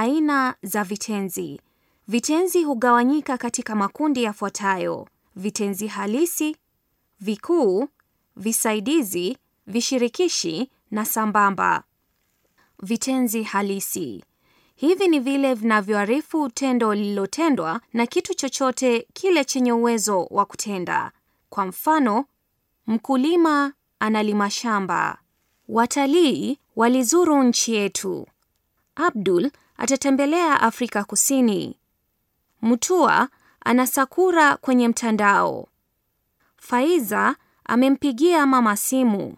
Aina za vitenzi. Vitenzi hugawanyika katika makundi yafuatayo: vitenzi halisi, vikuu, visaidizi, vishirikishi na sambamba. Vitenzi halisi hivi ni vile vinavyoarifu tendo lililotendwa na kitu chochote kile chenye uwezo wa kutenda. Kwa mfano, mkulima analima shamba. Watalii walizuru nchi yetu. Abdul atatembelea Afrika Kusini. Mutua ana sakura kwenye mtandao. Faiza amempigia mama simu.